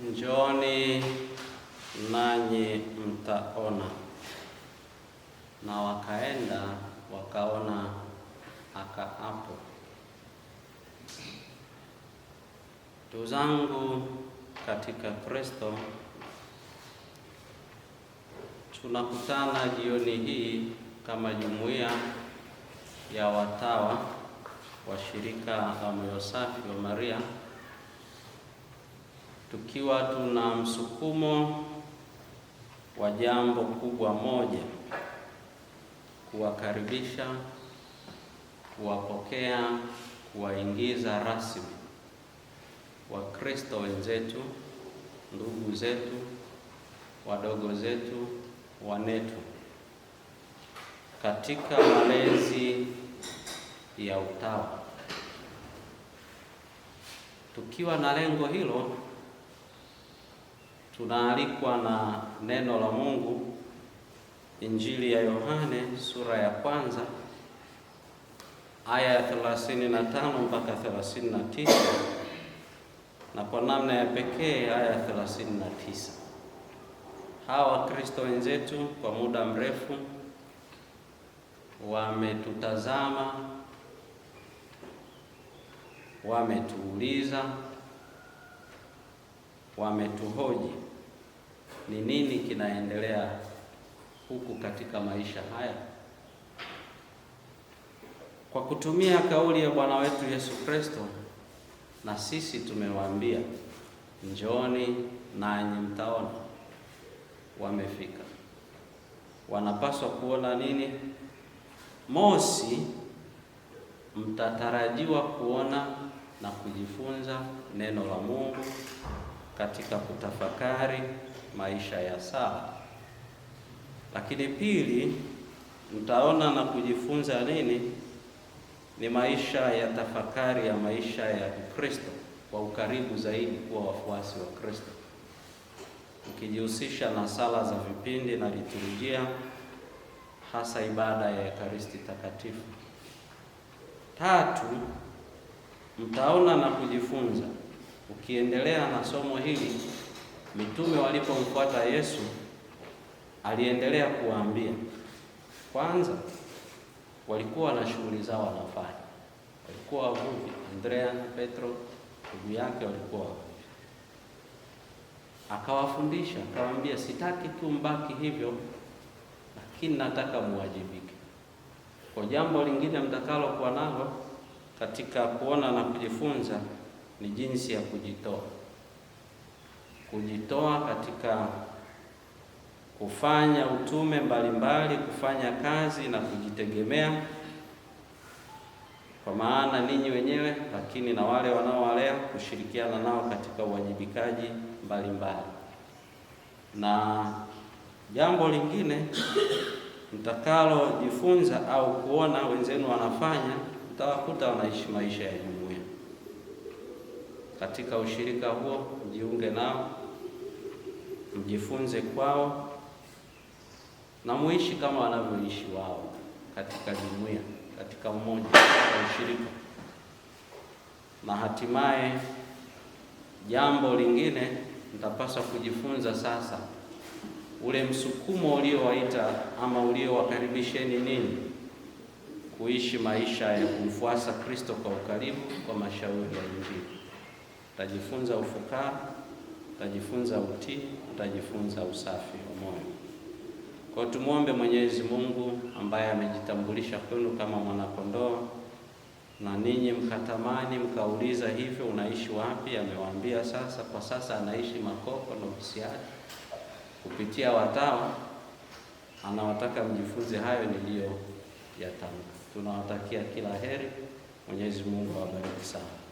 njoni nanyi mtaona. Na wakaenda wakaona akaapo. Ndugu zangu katika Kristo, tunakutana jioni hii kama jumuiya ya watawa wa shirika la Moyo Safi wa Maria tukiwa tuna msukumo wa jambo kubwa moja: kuwakaribisha, kuwapokea, kuwaingiza rasmi Wakristo wenzetu, ndugu zetu, wadogo zetu, wanetu katika malezi ya utawa. Tukiwa na lengo hilo tunaalikwa na neno la Mungu, Injili ya Yohane sura ya kwanza aya ya 35 mpaka 39 na kwa namna ya pekee aya ya 39. Hawa Wakristo wenzetu kwa muda mrefu wametutazama, wametuuliza wametuhoji ni nini kinaendelea huku katika maisha haya. Kwa kutumia kauli ya Bwana wetu Yesu Kristo, na sisi tumewaambia njooni nanyi mtaona. Wamefika, wanapaswa kuona nini? Mosi, mtatarajiwa kuona na kujifunza neno la Mungu katika kutafakari maisha ya sala. Lakini pili, mtaona na kujifunza nini ni maisha ya tafakari ya maisha ya Kristo kwa ukaribu zaidi, kuwa wafuasi wa Kristo, ukijihusisha na sala za vipindi na liturujia, hasa ibada ya Ekaristi Takatifu. Tatu, mtaona na kujifunza Ukiendelea na somo hili, mitume walipomfuata Yesu aliendelea kuwaambia. Kwanza walikuwa na shughuli zao wanafanya, walikuwa wavuvi. Andrea na Petro ndugu yake walikuwa wavuvi. Akawafundisha, akawaambia, sitaki tu mbaki hivyo, lakini nataka muwajibike kwa jambo lingine mtakalokuwa nalo katika kuona na kujifunza ni jinsi ya kujitoa, kujitoa katika kufanya utume mbalimbali mbali, kufanya kazi na kujitegemea kwa maana ninyi wenyewe, lakini na wale wanaowalea, kushirikiana nao katika uwajibikaji mbalimbali Na jambo lingine mtakalojifunza au kuona wenzenu wanafanya, mtawakuta wanaishi maisha ya juu katika ushirika huo, mjiunge nao, mjifunze kwao na muishi kama wanavyoishi wao katika jumuiya, katika umoja, katika ushirika. Na hatimaye jambo lingine mtapaswa kujifunza sasa, ule msukumo uliowaita ama uliowakaribisheni nini kuishi maisha ya kumfuasa Kristo kwa ukaribu, kwa mashauri ya Injili utajifunza ufukaa, utajifunza utii, utajifunza usafi wa moyo. Kwa tumuombe tumwombe Mwenyezi Mungu ambaye amejitambulisha kwenu kama mwanakondoo, na ninyi mkatamani mkauliza hivyo, unaishi wapi? Amewaambia sasa, kwa sasa anaishi Makoko na kupitia watawa anawataka mjifunze hayo niliyo yatamka. Tunawatakia kila heri. Mwenyezi Mungu awabariki sana.